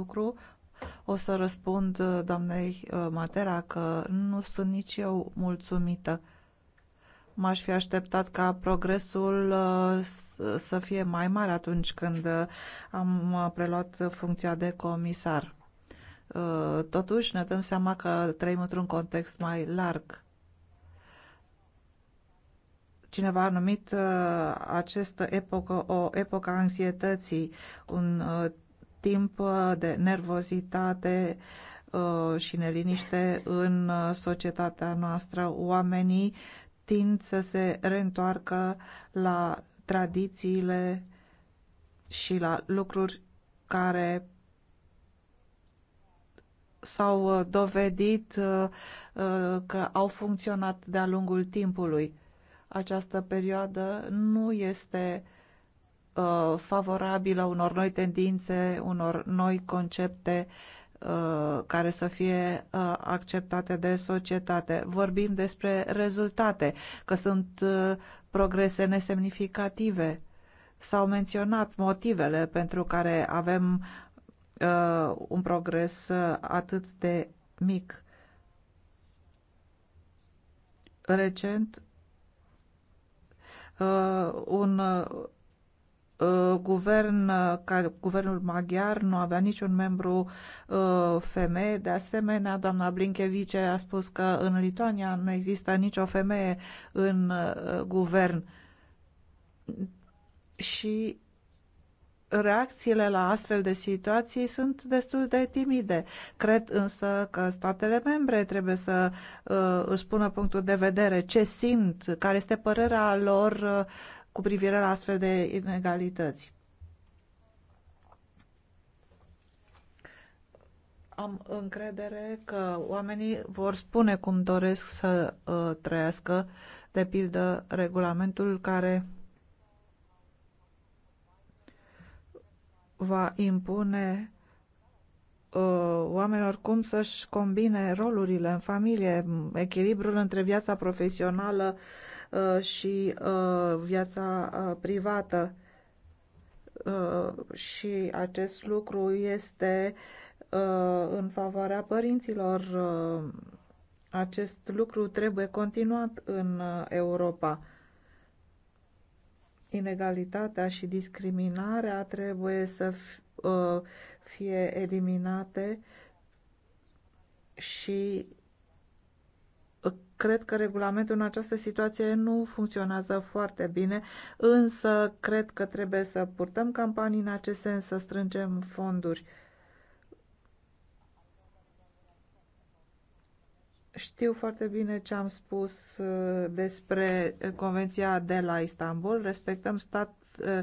lucru. O să răspund uh, doamnei uh, Matera că nu sunt nici eu mulțumită. M-aș fi așteptat ca progresul uh, să fie mai mare atunci când am preluat funcția de comisar. Totuși ne dăm seama că trăim într-un context mai larg cineva a numit uh, această epocă o epocă a anxietății, un uh, timp uh, de nervozitate uh, și neliniște în uh, societatea noastră. Oamenii tind să se reîntoarcă la tradițiile și la lucruri care s-au dovedit că au funcționat de-a lungul timpului. Această perioadă nu este uh, Uh, favorabilă unor noi tendințe, unor noi concepte uh, care să fie uh, acceptate de societate. Vorbim despre rezultate, că sunt progrese nesemnificative. S-au menționat motivele pentru care avem un progres atât de mic. Recent, un Uh, guvern, uh, ca guvernul maghiar nu avea niciun membru uh, femeie. De asemenea, doamna Blinkevice a spus că în Lituania nu există nicio femeie în guvern. Și reacțiile la astfel de situații sunt destul de timide. Cred însă că statele membre trebuie să uh, își spună punctul de vedere, ce simt, care este părerea lor uh, cu privire la astfel de inegalități. Am încredere că oamenii vor spune cum doresc să uh, trăiască, de pildă regulamentul care va impune uh, oamenilor cum să-și combine rolurile în familie, echilibrul între viața profesională, uh, Uh, și uh, viața uh, privată. Și acest lucru este în favoarea părinților. Acest lucru trebuie continuat în Europa inegalitatea și discriminarea trebuie să fie eliminate și cred că regulamentul în această situație nu funcționează foarte bine, însă cred că trebuie să purtăm campanii în acest sens, să strângem fonduri. Știu foarte bine ce am spus uh, despre uh, Convenția de la Istanbul. Respectăm stat, uh,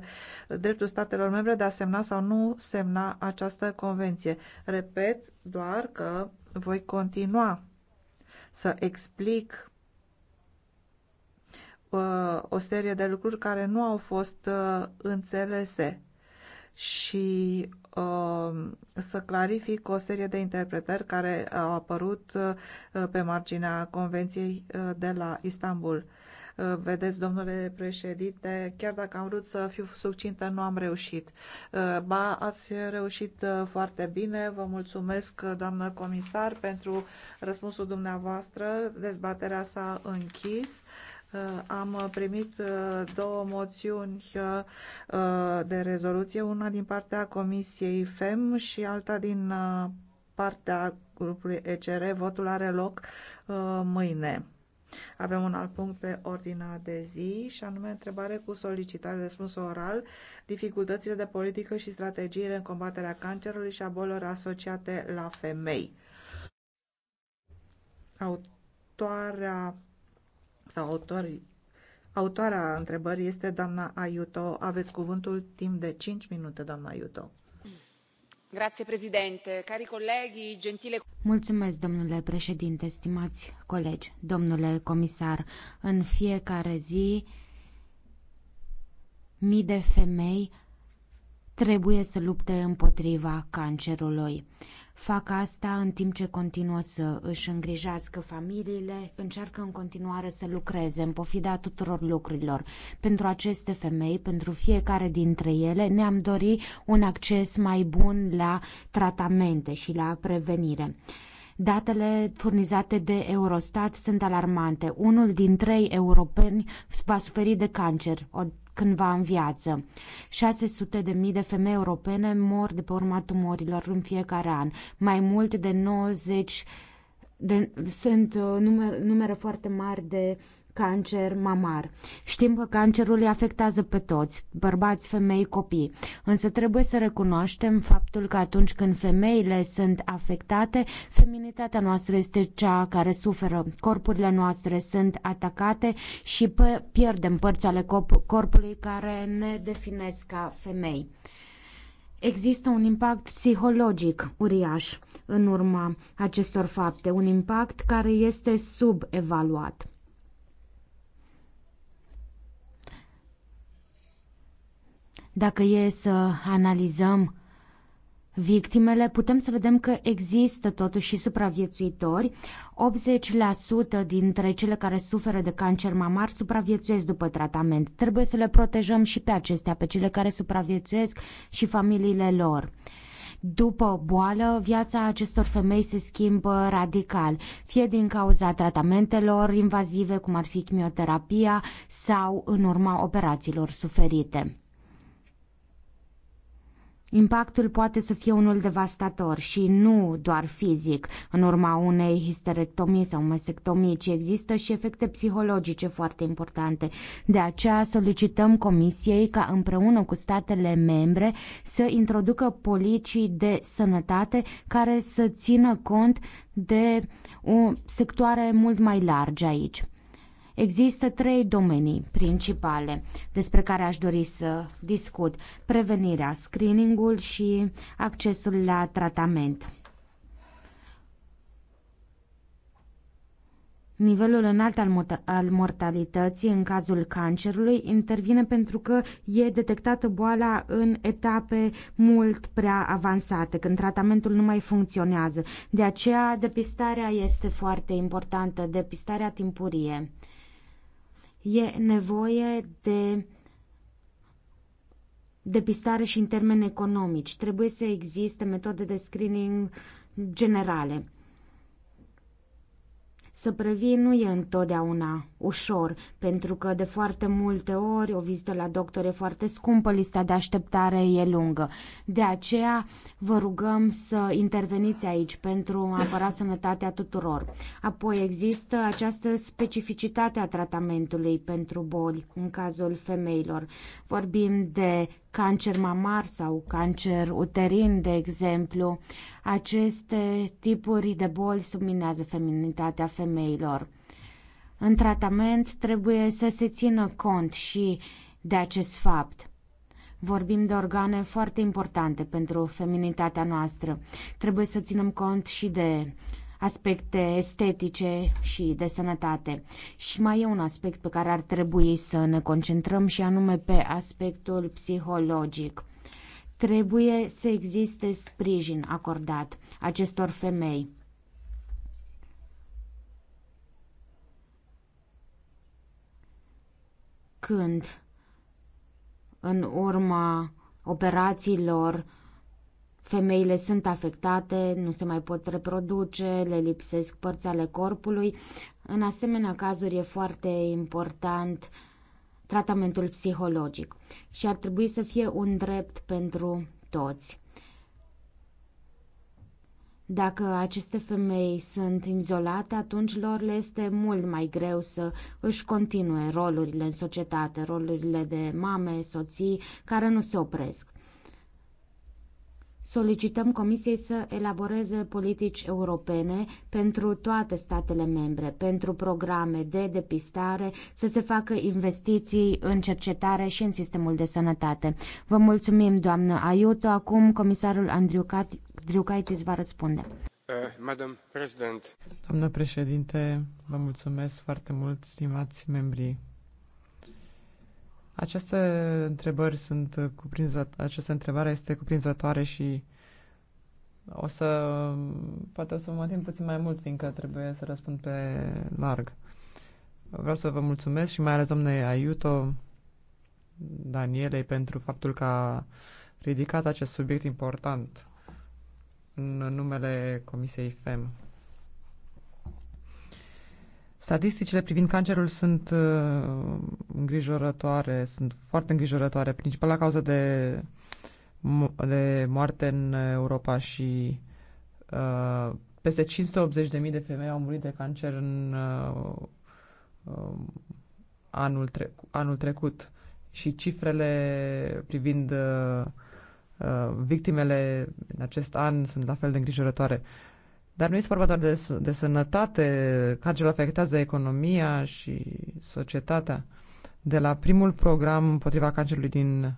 dreptul statelor membre de a semna sau nu semna această convenție. Repet doar că voi continua să explic uh, o serie de lucruri care nu au fost uh, înțelese și uh, să clarific o serie de interpretări care au apărut pe marginea Convenției de la Istanbul. Eh, vedeți, domnule președinte, chiar dacă am vrut să fiu succintă, nu am reușit. Eh, ba, ați reușit eh, foarte bine. Vă mulțumesc, doamnă comisar, pentru răspunsul dumneavoastră. Dezbaterea s-a închis. Am primit două moțiuni de rezoluție, una din partea Comisiei FEM și alta din partea grupului ECR. Votul are loc mâine. Avem un alt punct pe ordinea de zi și anume întrebare cu solicitare de răspuns oral, dificultățile de politică și strategiile în combaterea cancerului și a bolilor asociate la femei. Autoarea sau autorii Autoarea întrebării este doamna Aiuto. Aveți cuvântul timp de 5 minute, doamna Aiuto. Mulțumesc, domnule președinte, stimați colegi, domnule comisar. În fiecare zi, mii de femei trebuie să lupte împotriva cancerului fac asta în timp ce continuă să își îngrijească familiile, încearcă în continuare să lucreze în pofida tuturor lucrurilor. Pentru aceste femei, pentru fiecare dintre ele, ne-am dorit un acces mai bun la tratamente și la prevenire. Datele furnizate de Eurostat sunt alarmante. Unul din trei europeni va suferi de cancer cândva în viață. 600 de mii de femei europene mor de pe urma tumorilor în fiecare an. Mai mult de 90 de, sunt uh, numere, numere foarte mari de cancer mamar. Știm că cancerul îi afectează pe toți, bărbați, femei, copii, însă trebuie să recunoaștem faptul că atunci când femeile sunt afectate, feminitatea noastră este cea care suferă, corpurile noastre sunt atacate și pierdem părți ale corpului care ne definesc ca femei. Există un impact psihologic uriaș în urma acestor fapte, un impact care este subevaluat. Dacă e să analizăm victimele, putem să vedem că există totuși și supraviețuitori. 80% dintre cele care suferă de cancer mamar supraviețuiesc după tratament. Trebuie să le protejăm și pe acestea, pe cele care supraviețuiesc și familiile lor. După boală, viața acestor femei se schimbă radical, fie din cauza tratamentelor invazive, cum ar fi chimioterapia, sau în urma operațiilor suferite. Impactul poate să fie unul devastator și nu doar fizic, în urma unei histerectomii sau mastectomii, ci există și efecte psihologice foarte importante. De aceea solicităm Comisiei ca împreună cu statele membre să introducă policii de sănătate care să țină cont de o sectoare mult mai largă aici. Există trei domenii principale despre care aș dori să discut. Prevenirea, screeningul și accesul la tratament. Nivelul înalt al, al mortalității în cazul cancerului intervine pentru că e detectată boala în etape mult prea avansate, când tratamentul nu mai funcționează. De aceea, depistarea este foarte importantă, depistarea timpurie. E nevoie de depistare și în termeni economici. Trebuie să existe metode de screening generale. Să previi nu e întotdeauna ușor, pentru că de foarte multe ori o vizită la doctor e foarte scumpă, lista de așteptare e lungă. De aceea vă rugăm să interveniți aici pentru a apăra sănătatea tuturor. Apoi există această specificitate a tratamentului pentru boli în cazul femeilor. Vorbim de cancer mamar sau cancer uterin, de exemplu. Aceste tipuri de boli subminează feminitatea femeilor. În tratament trebuie să se țină cont și de acest fapt. Vorbim de organe foarte importante pentru feminitatea noastră. Trebuie să ținem cont și de aspecte estetice și de sănătate. Și mai e un aspect pe care ar trebui să ne concentrăm și anume pe aspectul psihologic. Trebuie să existe sprijin acordat acestor femei când în urma operațiilor femeile sunt afectate, nu se mai pot reproduce, le lipsesc părți ale corpului. În asemenea cazuri e foarte important tratamentul psihologic și ar trebui să fie un drept pentru toți. Dacă aceste femei sunt izolate, atunci lor le este mult mai greu să își continue rolurile în societate, rolurile de mame, soții, care nu se opresc solicităm Comisiei să elaboreze politici europene pentru toate statele membre, pentru programe de depistare, să se facă investiții în cercetare și în sistemul de sănătate. Vă mulțumim, doamnă Aiuto. Acum comisarul Andriu va răspunde. Uh, Madam President. Doamnă președinte, vă mulțumesc foarte mult, stimați membrii aceste întrebări sunt cuprinzătoare, această întrebare este cuprinzătoare și o să, poate o să mă timp puțin mai mult, fiindcă trebuie să răspund pe larg. Vreau să vă mulțumesc și mai ales domnei Aiuto, Danielei, pentru faptul că a ridicat acest subiect important în numele Comisiei FEM. Statisticile privind cancerul sunt uh, îngrijorătoare, sunt foarte îngrijorătoare. la cauza de, de moarte în Europa și uh, peste 580.000 de femei au murit de cancer în uh, uh, anul, tre- anul trecut. Și cifrele privind uh, uh, victimele în acest an sunt la fel de îngrijorătoare. Uh, dar nu este vorba doar de, de sănătate, cancerul afectează economia și societatea. De la primul program împotriva cancerului din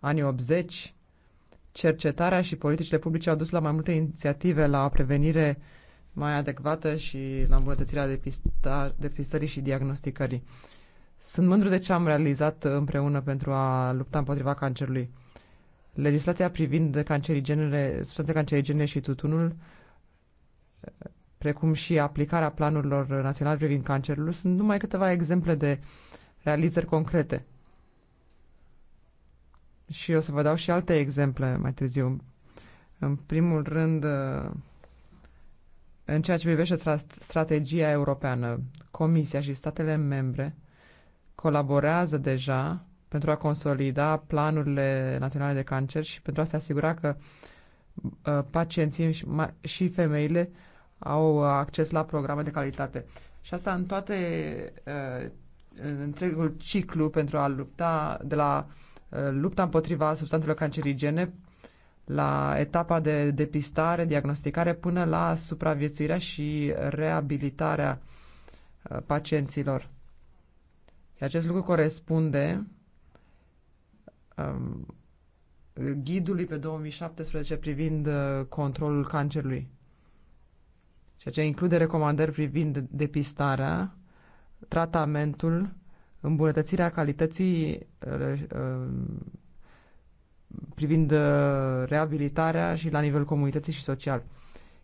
anii 80, cercetarea și politicile publice au dus la mai multe inițiative la o prevenire mai adecvată și la îmbunătățirea depistării și diagnosticării. Sunt mândru de ce am realizat împreună pentru a lupta împotriva cancerului. Legislația privind cancerigenele, substanțe cancerigene și tutunul, precum și aplicarea planurilor naționale privind cancerul, sunt numai câteva exemple de realizări concrete. Și o să vă dau și alte exemple mai târziu. În primul rând, în ceea ce privește strategia europeană, Comisia și statele membre colaborează deja pentru a consolida planurile naționale de cancer și pentru a se asigura că uh, pacienții și, și femeile au acces la programe de calitate. Și asta în toate uh, în întregul ciclu pentru a lupta de la uh, lupta împotriva substanțelor cancerigene la etapa de depistare, diagnosticare până la supraviețuirea și reabilitarea pacienților. Și acest lucru corespunde um, ghidului pe 2017 privind uh, controlul cancerului, ceea ce include recomandări privind depistarea, tratamentul, îmbunătățirea calității uh, uh, privind uh, reabilitarea și la nivel comunității și social.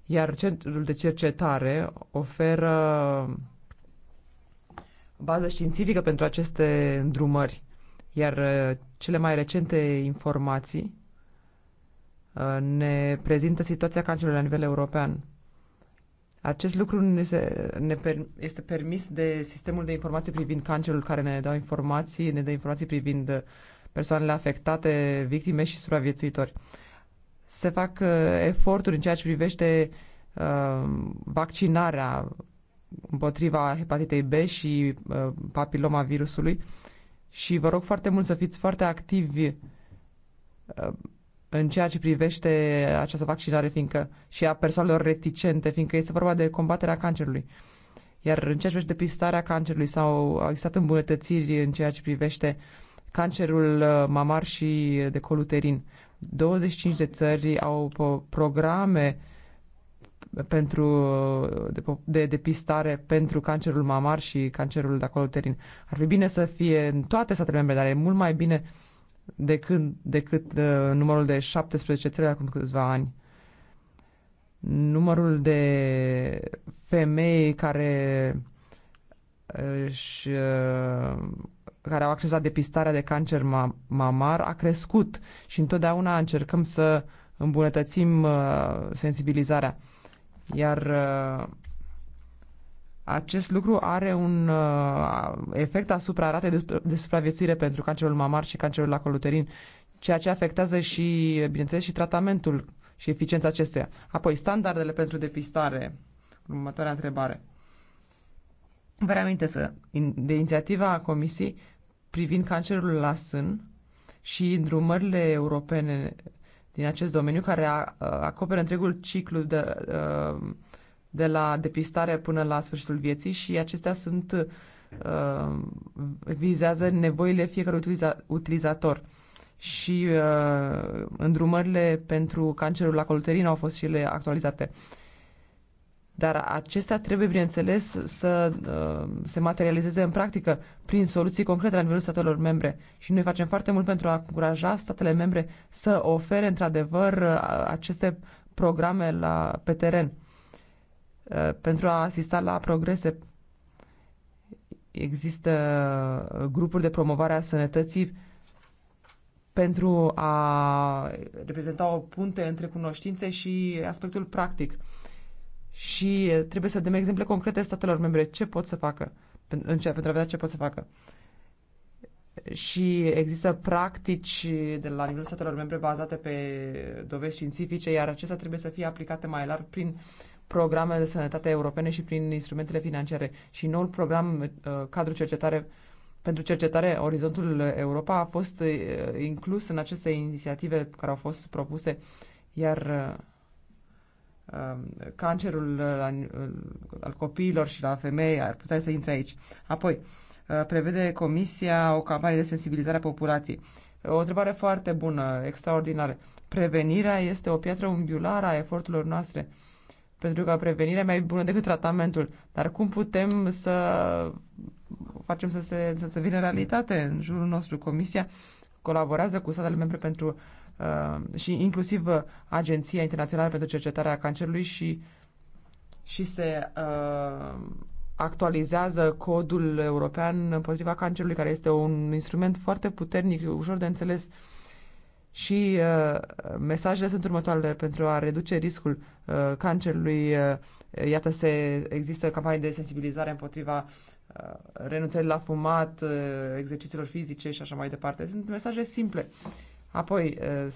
Iar centrul de cercetare oferă bază științifică pentru aceste îndrumări. Iar uh, cele mai recente informații uh, ne prezintă situația cancerului la nivel european. Acest lucru ne, se, ne per, este permis de sistemul de informații privind cancerul care ne dă informații, ne dă informații privind uh, persoanele afectate, victime și supraviețuitori. Se fac uh, eforturi în ceea ce privește uh, vaccinarea împotriva hepatitei B și uh, papiloma virusului. Uh, și vă rog foarte mult să fiți foarte activi uh, în ceea ce privește această vaccinare fiindcă și a persoanelor reticente, fiindcă este vorba de combaterea cancerului. Iar în ceea ce privește depistarea cancerului sau au existat îmbunătățiri în ceea ce privește cancerul uh, mamar și de coluterin. 25 de țări au programe uh, pentru de, de depistare pentru cancerul mamar și cancerul de acolo uterin. Ar fi bine să fie în toate statele membre, dar e mult mai bine decât, decât uh, numărul de 17 țări acum câțiva ani. Numărul de femei care și, uh, care au acces la depistarea de cancer ma- mamar a crescut și întotdeauna încercăm să îmbunătățim uh, sensibilizarea. Iar uh, acest lucru are un uh, efect asupra ratei de supraviețuire pentru cancerul mamar și cancerul la coluterin, ceea ce afectează și, bineînțeles, și tratamentul și eficiența acesteia. Apoi, standardele pentru depistare. Următoarea întrebare. Vă reamintesc de inițiativa Comisiei privind cancerul la sân și îndrumările europene din acest domeniu care acoperă întregul ciclu de, de la depistare până la sfârșitul vieții și acestea sunt vizează nevoile fiecărui utiliza, utilizator. Și uh, îndrumările pentru cancerul la colterin au fost și ele actualizate. Dar acestea trebuie, bineînțeles, să uh, se materializeze în practică prin soluții concrete la nivelul statelor membre. Și noi facem foarte mult pentru a încuraja statele membre să ofere, într-adevăr, uh, aceste programe la, pe teren uh, pentru a asista la progrese. Există grupuri de promovare a sănătății pentru a reprezenta o punte între cunoștințe și aspectul practic și trebuie să dăm exemple concrete statelor membre ce pot să facă, pentru a vedea ce pot să facă. Și există practici de la nivelul statelor membre bazate pe dovezi științifice, iar acestea trebuie să fie aplicate mai larg prin programele de sănătate europene și prin instrumentele financiare. Și noul program uh, cadru cercetare pentru cercetare Orizontul Europa a fost uh, inclus în aceste inițiative care au fost propuse, iar uh, Um, cancerul al copiilor și la femei ar putea să intre aici. Apoi, uh, prevede Comisia o campanie de sensibilizare a populației. O întrebare foarte bună, extraordinară. Prevenirea este o piatră unghiulară a eforturilor noastre, pentru că prevenirea e mai bună decât tratamentul. Dar cum putem să facem să se, să să vină realitate în jurul nostru? Comisia colaborează cu statele membre pentru Uh, și inclusiv uh, Agenția Internațională pentru Cercetarea Cancerului și, și se uh, actualizează codul european împotriva cancerului, care este un instrument foarte puternic, ușor de înțeles. Și uh, mesajele sunt următoarele pentru a reduce riscul uh, cancerului. Uh, iată, se există campanii de sensibilizare împotriva uh, renunțării la fumat, uh, exercițiilor fizice și așa mai departe. Sunt mesaje simple. Uh, Apoi, eh,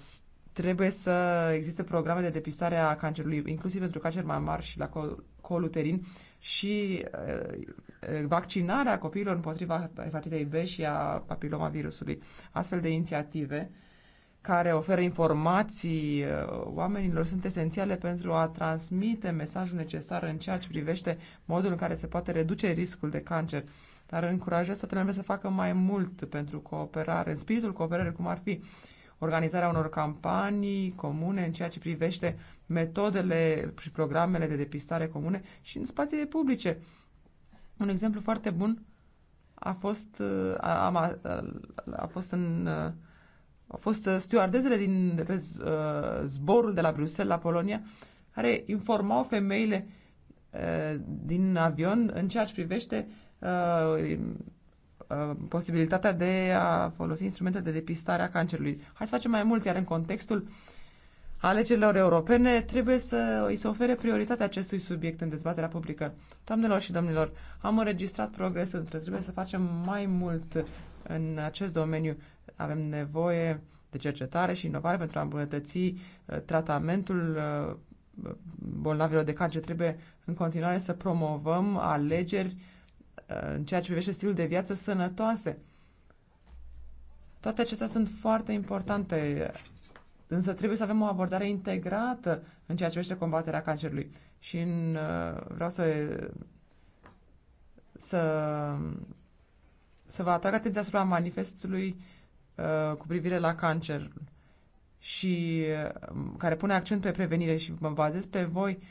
trebuie să existe programe de depistare a cancerului, inclusiv pentru cancer mamar și la col coluterin și eh, eh, vaccinarea copiilor împotriva hepatitei B și a papilomavirusului. Astfel de inițiative care oferă informații oamenilor sunt esențiale pentru a transmite mesajul necesar în ceea ce privește modul în care se poate reduce riscul de cancer dar încurajez să trebuie să facă mai mult pentru cooperare, în spiritul cooperării, cum ar fi uh, organizarea unor campanii comune în ceea ce privește metodele și programele de depistare comune și în spațiile publice. Un exemplu foarte bun a fost, uh, a, a, a fost în uh, au fost uh, stewardezele din zborul de la Bruxelles la Polonia care informau femeile din avion în ceea ce privește Uh, posibilitatea de a folosi instrumente de depistare a cancerului. Hai să facem mai mult, iar în contextul alegerilor europene trebuie să îi se ofere prioritatea acestui subiect în dezbaterea publică. Doamnelor și domnilor, am înregistrat progres, între trebuie să facem mai mult în acest domeniu. Avem nevoie de cercetare și inovare pentru a îmbunătăți uh, tratamentul uh, bolnavilor de cancer. Trebuie în continuare să promovăm alegeri Uh, în ceea ce privește stilul de viață sănătoase. Toate acestea sunt foarte importante, însă trebuie să avem o abordare integrată în ceea ce privește combaterea cancerului. Și în, uh, vreau să, să, să vă atrag atenția asupra manifestului uh, cu privire la cancer și uh, care pune accent pe prevenire și mă bazez pe voi uh,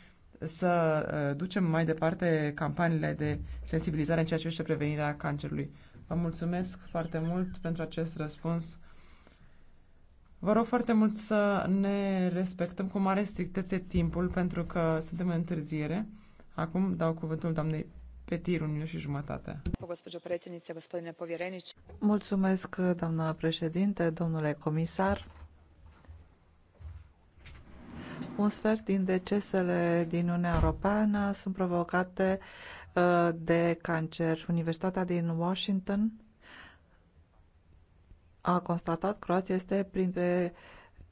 să uh, ducem mai departe campaniile de sensibilizare în ceea ce privește prevenirea cancerului. Vă mulțumesc foarte mult pentru acest răspuns. Vă rog foarte mult să ne respectăm cu mare strictețe timpul, pentru că suntem în întârziere. Acum dau cuvântul doamnei Petir, un și jumătate. Mulțumesc, doamna președinte, domnule comisar. Un sfert din decesele din Uniunea Europeană sunt provocate uh, de cancer. Universitatea din Washington a constatat că Croația este printre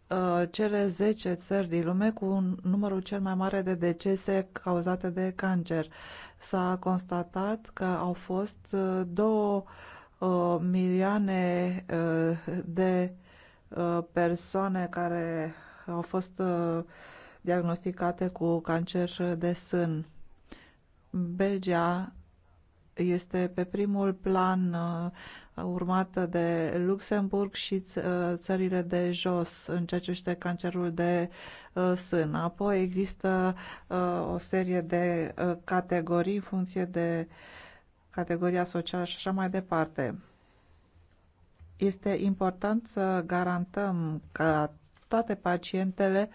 uh, cele 10 țări din lume cu numărul cel mai mare de decese cauzate de cancer. S-a constatat că au fost 2 uh, milioane de persoane care au fost uh, diagnosticate cu cancer de sân. Belgia este pe primul plan uh, urmată de Luxemburg și uh, țările de jos în ceea ce este cancerul de sân. Apoi există o serie de categorii în funcție de categoria socială și așa mai departe. Este important să garantăm că toate pacientele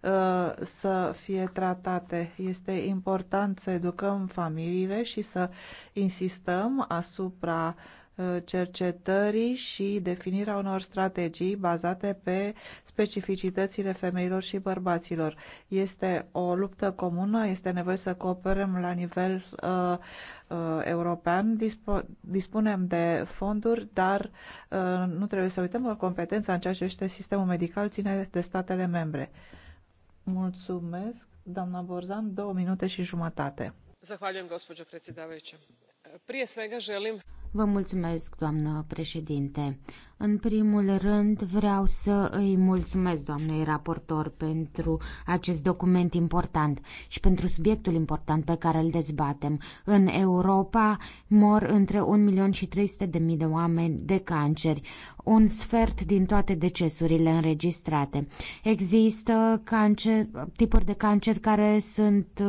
uh, să fie tratate. Este important să educăm familiile și să insistăm asupra uh, Uh, cercetării și definirea unor strategii bazate pe specificitățile femeilor și bărbaților. Este o luptă comună, este nevoie să cooperăm la nivel uh, uh, european, Dispo dispunem de fonduri, dar uh, nu trebuie să uităm că competența în ceea ce este sistemul medical ține de statele membre. Mulțumesc, doamna Borzan, două minute și jumătate. Zahvaljujem, gospođo predsjedavajuća Vă mulțumesc, doamnă președinte. În primul rând, vreau să îi mulțumesc doamnei raportor pentru acest document important și pentru subiectul important pe care îl dezbatem. În Europa mor între 1 milion și 300 de mii de oameni de canceri, un sfert din toate decesurile înregistrate. Există cancer, tipuri de cancer care sunt,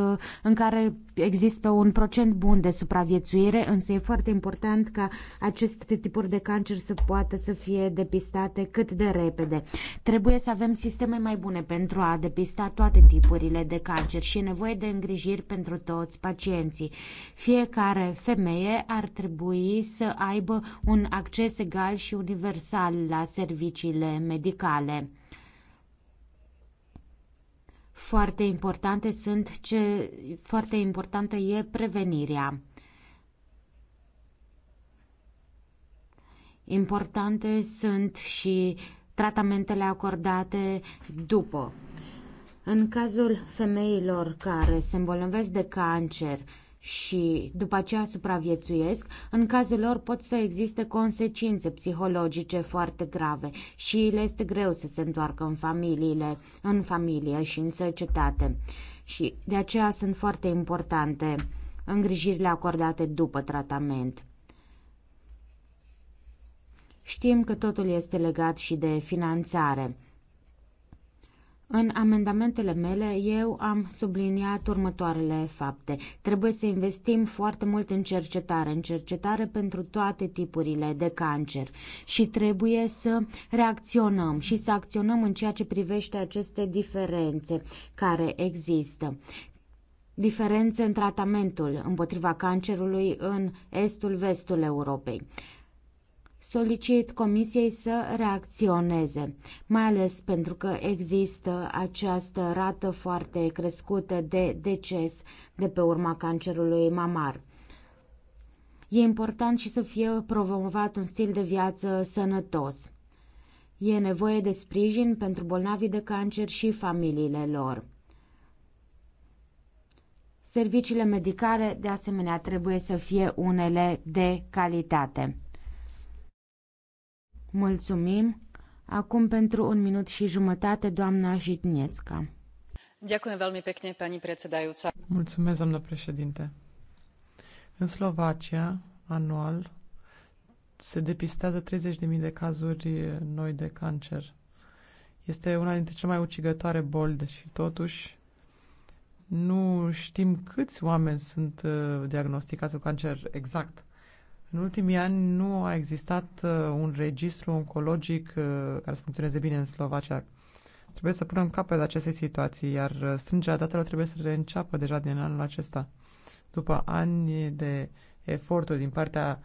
în care există un procent bun de supraviețuire, însă e foarte important ca aceste tipuri de cancer să poată să fie depistate cât de repede. Trebuie să avem sisteme mai bune pentru a depista toate tipurile de cancer și e nevoie de îngrijiri pentru toți pacienții. Fiecare femeie ar trebui să aibă un acces egal și universal la serviciile medicale. Foarte importante sunt ce foarte importantă e prevenirea. Importante sunt și tratamentele acordate după. În cazul femeilor care se îmbolnăvesc de cancer, și după aceea supraviețuiesc, în cazul lor pot să existe consecințe psihologice foarte grave și le este greu să se întoarcă în familiile, în familie și în societate. Și de aceea sunt foarte importante îngrijirile acordate după tratament. Știm că totul este legat și de finanțare. În amendamentele mele, eu am subliniat următoarele fapte. Trebuie să investim foarte mult în cercetare, în cercetare pentru toate tipurile de cancer și trebuie să reacționăm și să acționăm în ceea ce privește aceste diferențe care există diferențe în tratamentul împotriva cancerului în estul-vestul Europei solicit Comisiei să reacționeze, mai ales pentru că există această rată foarte crescută de deces de pe urma cancerului mamar. E important și să fie promovat un stil de viață sănătos. E nevoie de sprijin pentru bolnavii de cancer și familiile lor. Serviciile medicale, de asemenea, trebuie să fie unele de calitate. Mulțumim. Acum pentru un minut și jumătate, doamna Jitnețca. Mulțumesc, doamnă președinte. În Slovacia, anual, se depistează 30.000 de cazuri eh, noi de cancer. Este una dintre cele mai ucigătoare boli și totuși nu știm câți oameni sunt eh, diagnosticați cu cancer exact. În ultimii ani nu a existat uh, un registru oncologic uh, care să funcționeze bine în Slovacia. Trebuie să punem capăt acestei situații, iar uh, strângerea datelor trebuie să reînceapă deja din anul acesta. După ani de eforturi din partea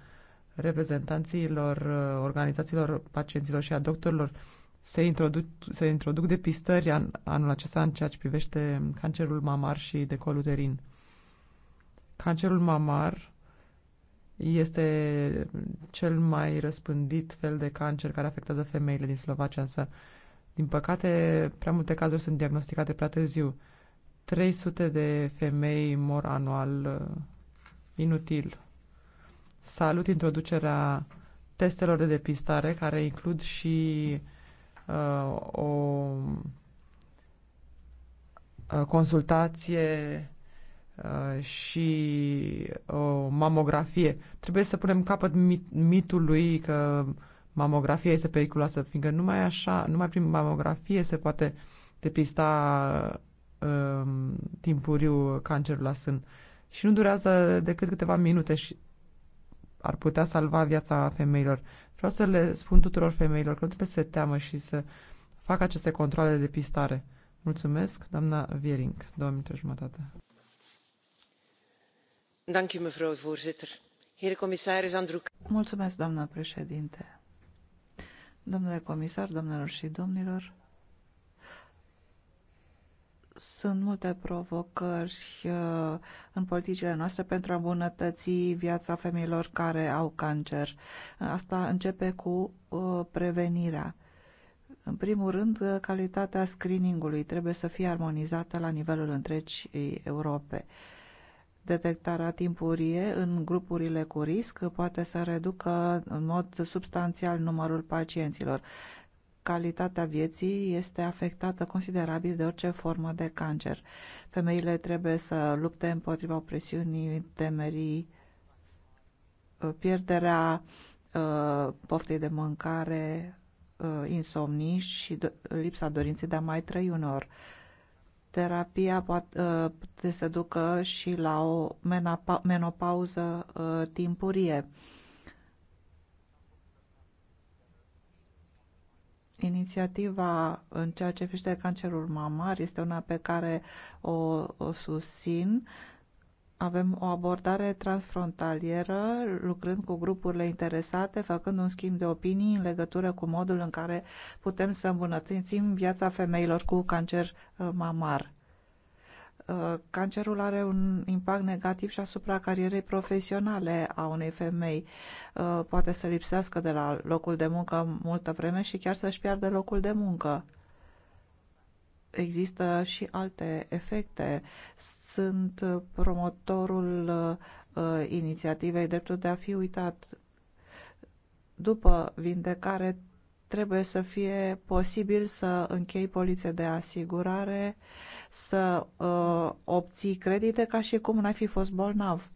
reprezentanților, organizațiilor pacienților și a doctorilor, se introduc, se introduc depistări an, anul acesta în ceea ce privește cancerul mamar și de uterin. Cancerul mamar este cel mai răspândit fel de cancer care afectează femeile din Slovacia, însă, din păcate, prea multe cazuri sunt diagnosticate prea târziu. 300 de femei mor anual uh, inutil. Salut introducerea testelor de depistare, care includ și uh, o uh, consultație Uh, și o mamografie. Trebuie să punem capăt mit mitului că mamografia este periculoasă, fiindcă numai așa, numai prin mamografie se poate depista um, timpuriu cancerul la sân. Și nu durează decât câteva minute și ar putea salva viața femeilor. Vreau să le spun tuturor femeilor că nu trebuie să se teamă și să facă aceste controle de depistare. Mulțumesc, doamna Viering, două minute jumătate. Mulțumesc, doamnă președinte. Domnule comisar, domnilor și domnilor, sunt multe provocări uh, în politicile noastre pentru a îmbunătăți viața femeilor care au cancer. Asta începe cu uh, prevenirea. În primul rând, uh, calitatea screeningului trebuie să fie armonizată la nivelul întregii Europe Detectarea timpurie în grupurile cu risc poate să reducă în mod substanțial numărul pacienților. Calitatea vieții este afectată considerabil de orice formă de cancer. Femeile trebuie să lupte împotriva presiunii, temerii, uh, pierderea uh, poftei de mâncare, uh, insomnii și lipsa dorinței de a mai trăi uneori terapia uh, poate să ducă și la o menopauză uh, timpurie. Inițiativa în ceea ce privește cancerul mamar este una pe care o, o susțin avem o abordare transfrontalieră, lucrând cu grupurile interesate, făcând un schimb de opinii în legătură cu modul în care putem să îmbunătățim viața femeilor cu cancer uh, mamar. Uh, cancerul are un impact negativ și asupra carierei profesionale a unei femei. Uh, poate să lipsească de la locul de muncă multă vreme și chiar să-și piardă locul de muncă există și alte efecte. Sunt promotorul uh, inițiativei Dreptul de a fi uitat. După vindecare trebuie să fie posibil să închei polițe de asigurare, să uh, obții credite ca și cum n-ai fi fost bolnav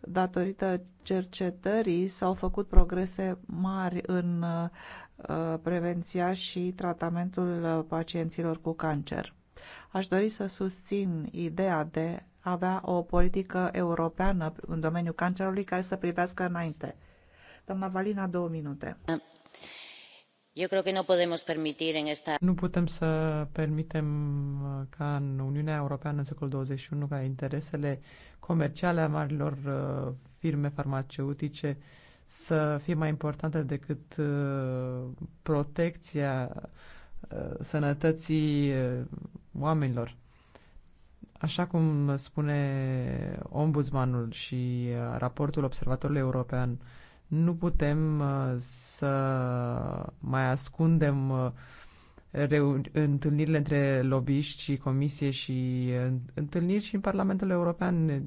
datorită cercetării s-au făcut progrese mari în uh, prevenția și tratamentul uh, pacienților cu cancer. Aș dori să susțin ideea de a avea o politică europeană în domeniul cancerului care să privească înainte. Doamna Valina, două minute eu cred că nu putem permite în esta... Nu putem să permitem uh, ca în Uniunea Europeană în secolul 21 ca interesele comerciale a marilor uh, firme farmaceutice să fie mai importante decât uh, protecția sănătății oamenilor. Așa cum spune ombudsmanul și raportul Observatorului European nu putem uh, să mai ascundem uh, întâlnirile între lobiști și comisie și uh, întâlniri și în Parlamentul European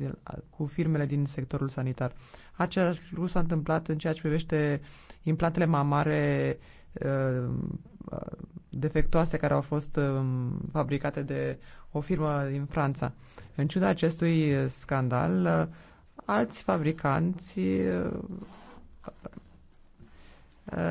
cu firmele din sectorul sanitar. Același lucru s-a întâmplat în ceea ce privește implantele mamare defectoase care au fost um, fabricate de o firmă din Franța. În ciuda acestui scandal, alți fabricanți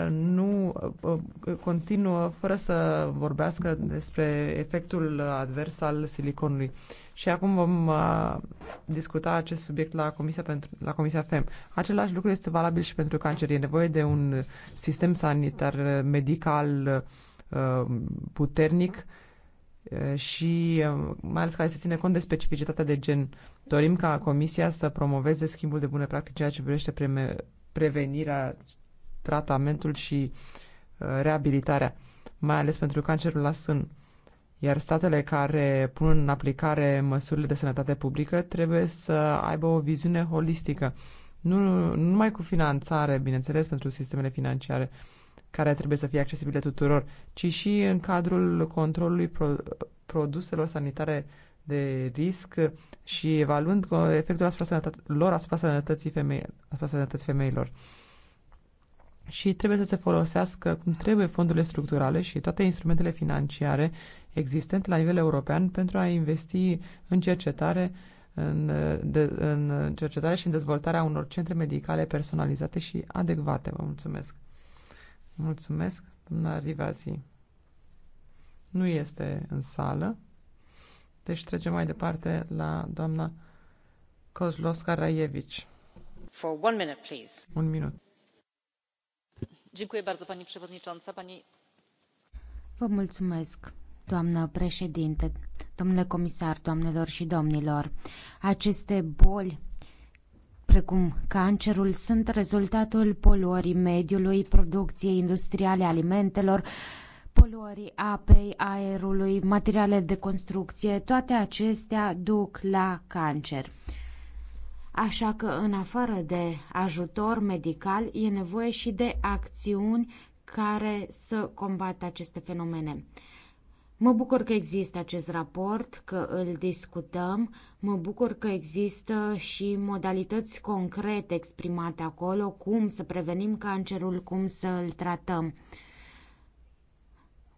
nu uh, continuă fără să vorbească despre efectul advers al siliconului. Și acum vom uh, discuta acest subiect la Comisia, pentru, la Comisia FEM. Același lucru este valabil și pentru cancer. E nevoie de un sistem sanitar uh, medical puternic și mai ales care se ține cont de specificitatea de gen. Dorim ca Comisia să promoveze schimbul de bune practici ceea ce privește prevenirea, tratamentul și uh, reabilitarea, mai ales pentru cancerul la sân. Iar statele care pun în aplicare măsurile de sănătate publică trebuie să aibă o viziune holistică, nu, nu numai cu finanțare, bineînțeles, pentru sistemele financiare, care trebuie să fie accesibile tuturor, ci și în cadrul controlului pro- produselor sanitare de risc și evaluând efectul asupra lor asupra sănătății, femei, asupra sănătății femeilor. Și trebuie să se folosească cum trebuie fondurile structurale și toate instrumentele financiare existente la nivel european pentru a investi în cercetare, în, de, în cercetare și în dezvoltarea unor centre medicale personalizate și adecvate. Vă mulțumesc! Mulțumesc, doamna Rivazi. Nu este în sală. Deci trecem mai departe la doamna Kozlovska Rajevic. For one minute, please. Un minut. Dziękuję bardzo, pani przewodnicząca. Pani... Vă mulțumesc, doamnă președinte, domnule comisar, doamnelor și domnilor. Aceste boli precum cancerul, sunt rezultatul poluării mediului, producției industriale alimentelor, poluării apei, aerului, materiale de construcție, toate acestea duc la cancer. Așa că, în afară de ajutor medical, e nevoie și de acțiuni care să combată aceste fenomene. Mă bucur că există acest raport, că îl discutăm, mă bucur că există și modalități concrete exprimate acolo, cum să prevenim cancerul, cum să îl tratăm.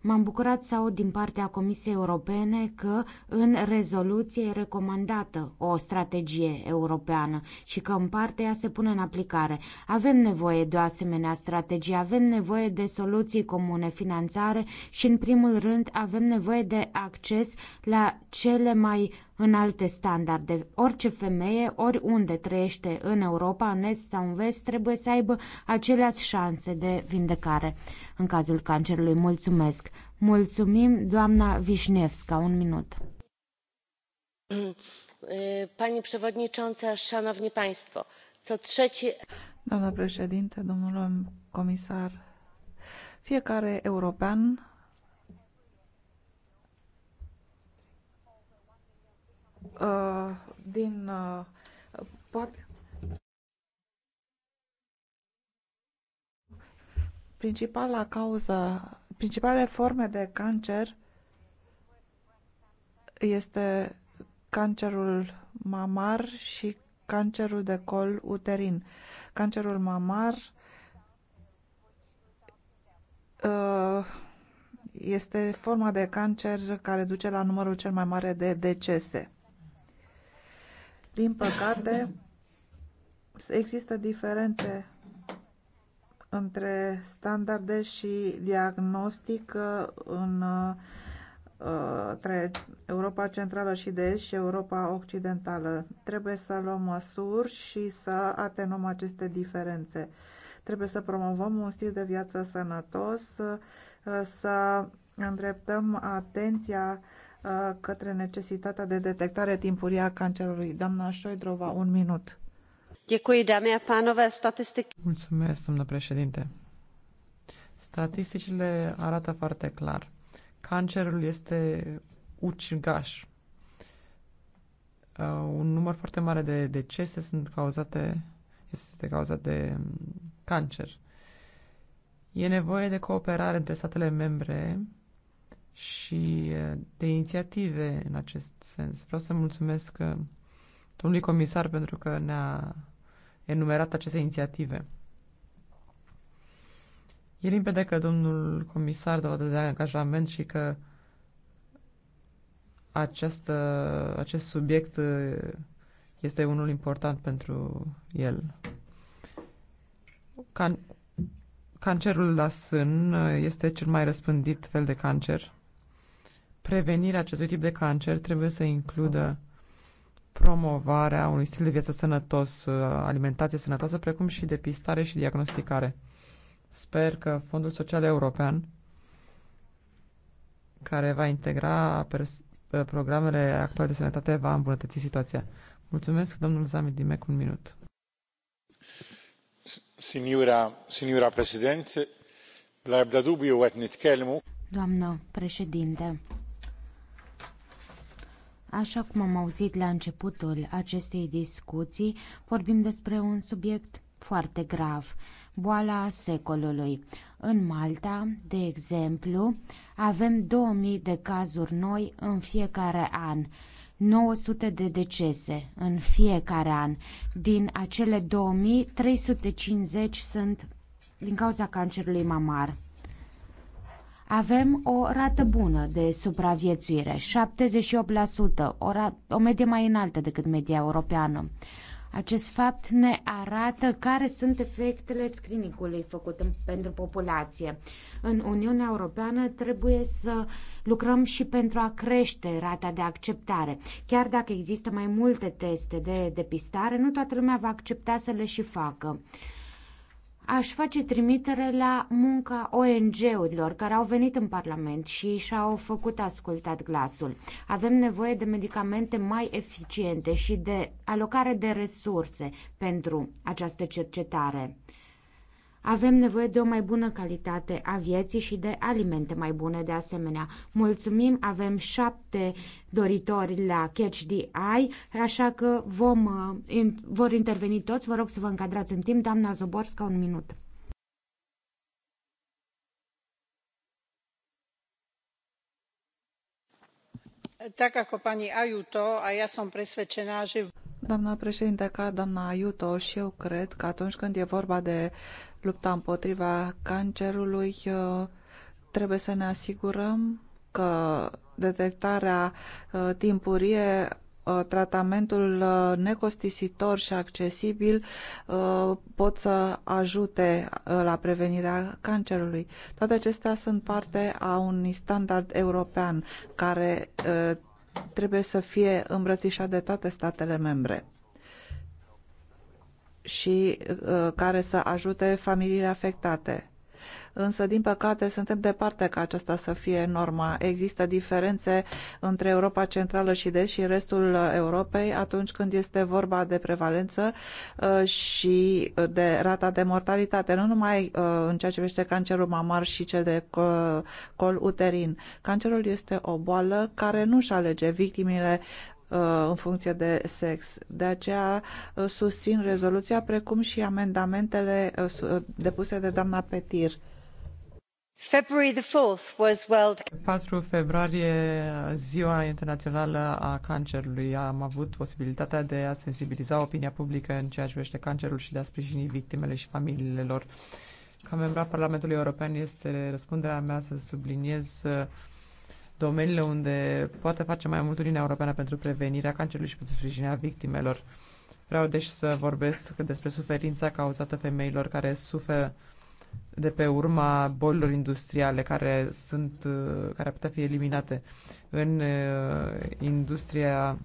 M-am bucurat să aud din partea Comisiei Europene că în rezoluție e recomandată o strategie europeană și că în partea ea se pune în aplicare. Avem nevoie de o asemenea strategie, avem nevoie de soluții comune, finanțare și în primul rând avem nevoie de acces la cele mai în alte standarde. Orice femeie, oriunde trăiește în Europa, în est sau în vest, trebuie să aibă aceleași șanse de vindecare. În cazul cancerului, mulțumesc. Mulțumim, doamna Vișnevska, un minut. Pani przewodnicząca, szanowni państwo, co trzeci... Doamna președinte, domnule comisar, fiecare european Uh, din uh, poate principala cauză, principalele forme de cancer este cancerul mamar și cancerul de col uterin. Cancerul mamar uh, este forma de cancer care duce la numărul cel mai mare de decese. Din păcate, există diferențe între standarde și diagnostic uh, în uh, între Europa Centrală și de Est și Europa Occidentală. Trebuie să luăm măsuri și să atenuăm aceste diferențe. Trebuie să promovăm un stil de viață sănătos, uh, să îndreptăm atenția către necesitatea de detectare timpurie a cancerului. Doamna Șoidrova, un minut. Mulțumesc, domnule președinte. Statisticile arată foarte clar. Cancerul este ucigaș. Uh, un număr foarte mare de decese sunt cauzate, este cauzat de um, cancer. E nevoie de cooperare între statele membre și de inițiative în acest sens. Vreau să mulțumesc domnului comisar pentru că ne-a enumerat aceste inițiative. E limpede că domnul comisar dovadă de angajament și că această, acest subiect este unul important pentru el. Can- cancerul la sân este cel mai răspândit fel de cancer Prevenirea acestui tip de cancer trebuie să includă promovarea unui stil de viață sănătos, uh, alimentație sănătoasă, precum și depistare și diagnosticare. Sper că Fondul Social European, care va integra uh, programele actuale de sănătate, va îmbunătăți situația. Mulțumesc, domnul Zamit Dimec, un minut. Signora, signora președinte, la ebda dubiu Kelmu. Doamnă președinte, Așa cum am auzit la începutul acestei discuții, vorbim despre un subiect foarte grav, boala secolului. În Malta, de exemplu, avem 2000 de cazuri noi în fiecare an. 900 de decese în fiecare an. Din acele 2350 sunt din cauza cancerului mamar. Avem o rată bună de supraviețuire, 78%, o, o medie mai înaltă decât media europeană. Acest fapt ne arată care sunt efectele screeningului făcut în, pentru populație. În Uniunea Europeană trebuie să lucrăm și pentru a crește rata de acceptare. Chiar dacă există mai multe teste de depistare, nu toată lumea va accepta să le și facă. Uh, aș face trimitere la munca ONG-urilor care au venit în Parlament și și-au făcut ascultat glasul. Avem nevoie de medicamente mai eficiente și de alocare de resurse pentru această cercetare. Avem nevoie de o mai bună calitate a vieții și de alimente mai bune de asemenea. Mulțumim, avem șapte doritori la Catch the Eye, așa că vom, uh, vor interveni toți. Vă rog să vă încadrați în timp. Doamna Zoborska, un minut. doamnă președintă ca doamna aiuto și eu cred că atunci când e vorba de lupta împotriva cancerului uh, trebuie să ne asigurăm că detectarea uh, timpurie Uh, tratamentul uh, necostisitor și accesibil uh, pot să ajute la prevenirea cancerului. Toate acestea sunt parte a unui standard european care trebuie să fie îmbrățișat de toate statele membre și care să ajute familiile afectate însă, din păcate, suntem departe ca aceasta să fie norma. Există diferențe între Europa Centrală și de și restul Europei atunci când este vorba de prevalență uh, și de rata de mortalitate, nu numai uh, în ceea ce privește cancerul mamar și cel de uh, col uterin. Cancerul este o boală care nu-și alege victimele. Uh, în funcție de sex. De aceea uh, susțin rezoluția precum și amendamentele uh, depuse de doamna Petir. 4 februarie, ziua internațională a cancerului, am avut posibilitatea de a sensibiliza opinia publică în ceea ce privește cancerul și de a sprijini victimele și familiile lor. Ca membra Parlamentului European este răspunderea mea să subliniez domeniile unde poate face mai mult Uniunea Europeană pentru prevenirea cancerului și pentru sprijinirea victimelor. Vreau deci să vorbesc despre suferința cauzată femeilor care suferă de pe urma bolilor industriale care sunt uh, care ar putea fi eliminate în uh, industria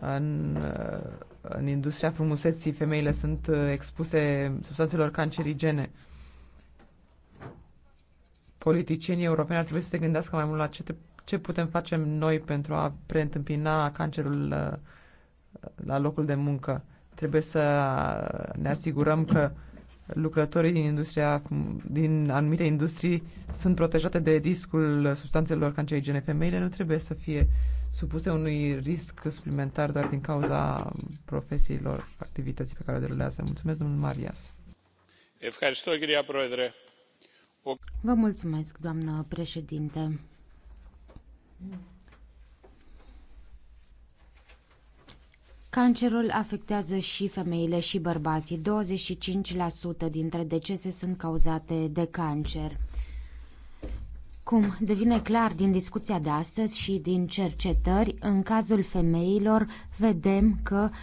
în, uh, în industria frumuseții femeile sunt expuse substanțelor cancerigene politicienii europeni ar trebui să se gândească mai mult la ce, te, ce putem face noi pentru a preîntâmpina cancerul la, uh, la locul de muncă. Trebuie să ne asigurăm că lucrătorii din industria, din anumite industrii sunt protejați de riscul substanțelor cancerigene. Femeile nu trebuie să fie supuse unui risc suplimentar doar din cauza profesiilor, activității pe care o derulează. Mulțumesc, domnul Marias. Eu Vă mulțumesc, doamnă președinte. Cancerul afectează și femeile și bărbații. 25% dintre decese sunt cauzate de cancer. Cum devine clar din discuția de astăzi și din cercetări, în cazul femeilor vedem că uh,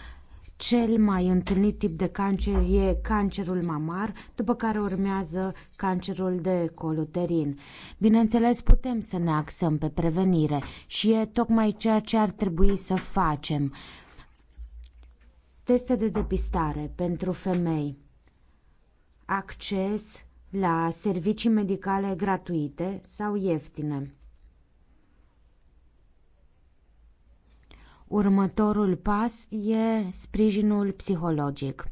cel mai întâlnit tip de cancer e cancerul mamar, după care urmează cancerul de coluterin. Bineînțeles, putem să ne axăm pe prevenire și e tocmai ceea ce ar trebui să facem. Teste de depistare pentru femei. Acces la servicii medicale gratuite sau ieftine Următorul pas e sprijinul psihologic.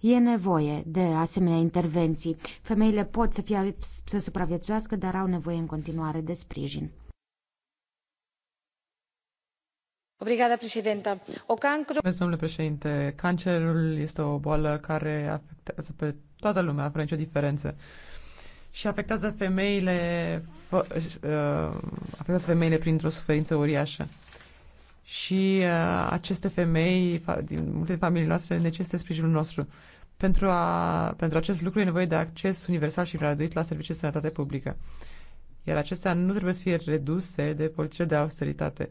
E nevoie de asemenea intervenții. Femeile pot să, fie, să supraviețuiască, dar au nevoie în continuare de sprijin. Domnule președinte, cancerul este o boală care afectează pe toată lumea, fără nicio diferență și afectează femeile, fă, uh, afectează femeile printr-o suferință uriașă. Și uh, aceste femei, din multe familii noastre, necesită sprijinul nostru. Pentru, a, pentru acest lucru e nevoie de acces universal și gratuit la servicii de sănătate publică. Iar acestea nu trebuie să fie reduse de politice de austeritate.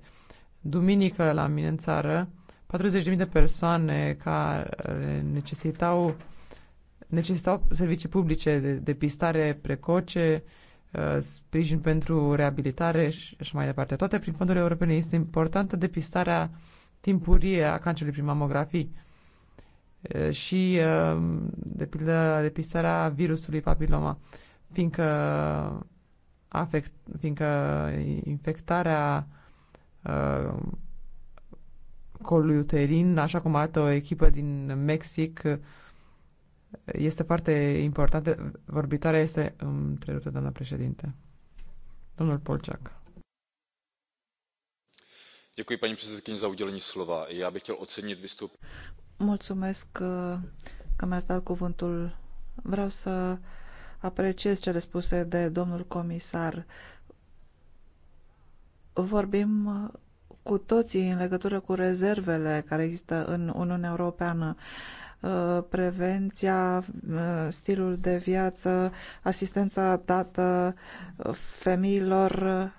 Duminică, la mine în țară, 40.000 de persoane care necesitau necesitau servicii publice de depistare precoce, uh, sprijin pentru reabilitare și așa mai departe. Toate prin fonduri europene este importantă depistarea timpurie a cancerului prin mamografii uh, și, uh, de pildă, depistarea virusului papiloma, fiindcă, afect, fiindcă infectarea colului uterin, așa cum arată o echipă din Mexic, este foarte importantă. Vorbitoarea este întreruptă, doamna președinte. Domnul Polciac. Děkuji paní předsedkyně, za udělení slova. Já bych chtěl ocenit vystup. Mulțumesc uh, că mi-ați dat cuvântul. Vreau să apreciez cele spuse de domnul comisar. Vorbim cu toții în legătură cu rezervele care există în Uniunea Europeană. Uh, Uh, prevenția, uh, stilul de viață, asistența dată uh, femeilor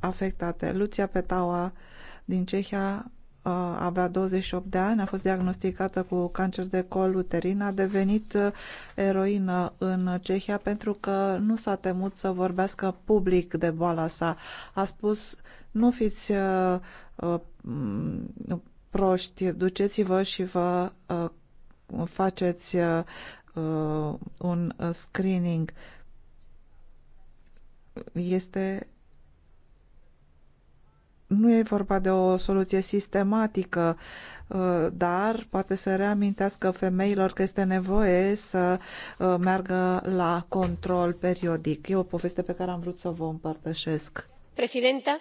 afectate. Lucia Petaua din Cehia avea 28 de ani, a fost diagnosticată cu cancer de col uterin, a devenit eroină în Cehia pentru că nu s-a temut să vorbească public de boala sa. A spus, nu fiți uh, uh, proști, duceți-vă și vă uh, faceți uh, uh, un uh, screening este nu e vorba de o soluție sistematică, dar poate să reamintească femeilor că este nevoie să meargă la control periodic. E o poveste pe care am vrut să vă împărtășesc. Președinta,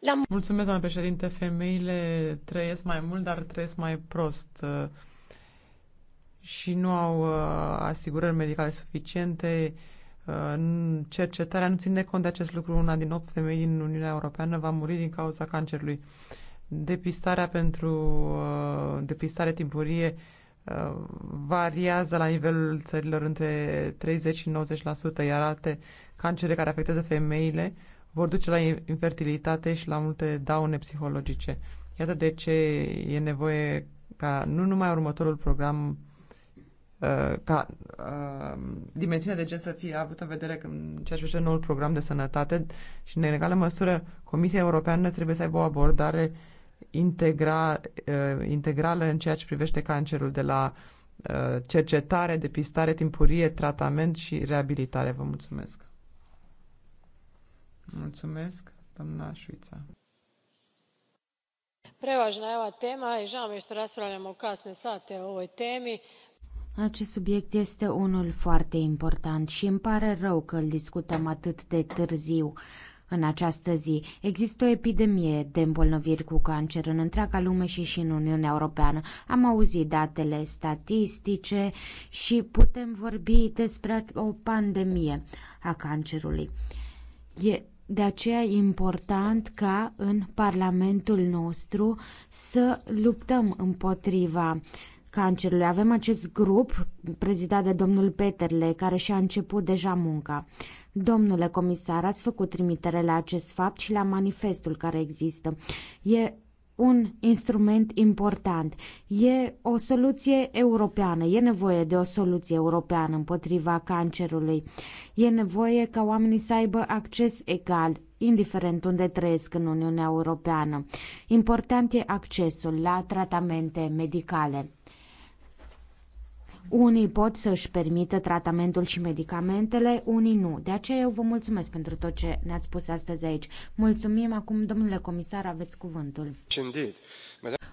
la... Mulțumesc, doamnă președinte. Femeile trăiesc mai mult, dar trăiesc mai prost și nu au uh, asigurări medicale suficiente. Uh, cercetarea nu ține cont de acest lucru. Una din 8 femei din Uniunea Europeană va muri din cauza cancerului. Depistarea pentru uh, depistare timpurie uh, variază la nivelul țărilor între 30 și 90%, iar alte cancere care afectează femeile vor duce la infertilitate și la multe daune psihologice. Iată de ce e nevoie ca nu numai următorul program Uh, ca uh, dimensiunea de gen să fie avută în vedere în ceea ce privește noul program de sănătate și, în egală măsură, Comisia Europeană trebuie să aibă o abordare integra, uh, integrală în ceea ce privește cancerul de la uh, cercetare, depistare timpurie, tratament și reabilitare. Vă mulțumesc! Mulțumesc, doamna Șuița! prevažna je ova tema i žao mi je što raspravljamo u kasne sate o ovoj temi. Acest subiect este unul foarte important și îmi pare rău că îl discutăm atât de târziu. În această zi există o epidemie de îmbolnăviri cu cancer în întreaga lume și și în Uniunea Europeană. Am auzit datele statistice și putem vorbi despre o pandemie a cancerului. E de aceea e important ca în Parlamentul nostru să luptăm împotriva uh, cancerului. Avem acest grup prezidat de domnul Peterle, care și-a început deja munca. Domnule comisar, ați făcut trimitere la acest fapt și la manifestul care există. E un instrument important. E o soluție europeană. E nevoie de o soluție europeană împotriva cancerului. E nevoie ca oamenii să aibă acces egal, indiferent unde trăiesc în Uniunea Europeană. Important e accesul la tratamente medicale. Unii pot să-și permită tratamentul și medicamentele, unii nu. De aceea eu vă mulțumesc pentru tot ce ne-ați spus astăzi aici. Mulțumim acum, domnule comisar, aveți cuvântul.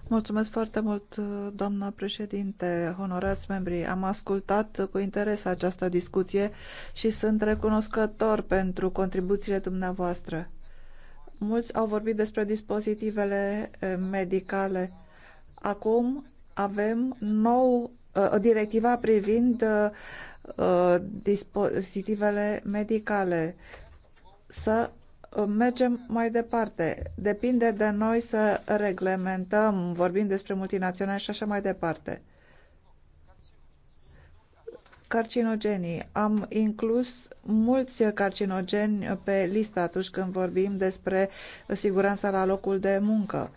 Mulțumesc foarte mult, doamna președinte, honorați membri. Am ascultat cu interes această discuție și sunt recunoscător pentru contribuțiile dumneavoastră. Mulți au vorbit despre dispozitivele eh, medicale. Acum avem nou Uh, directiva privind uh, uh, dispozitivele medicale. Să mergem mai departe. Depinde de noi să reglementăm, vorbim despre multinaționale și așa mai departe. Carcinogenii. Am inclus mulți carcinogeni pe listă atunci când vorbim despre siguranța la locul de muncă.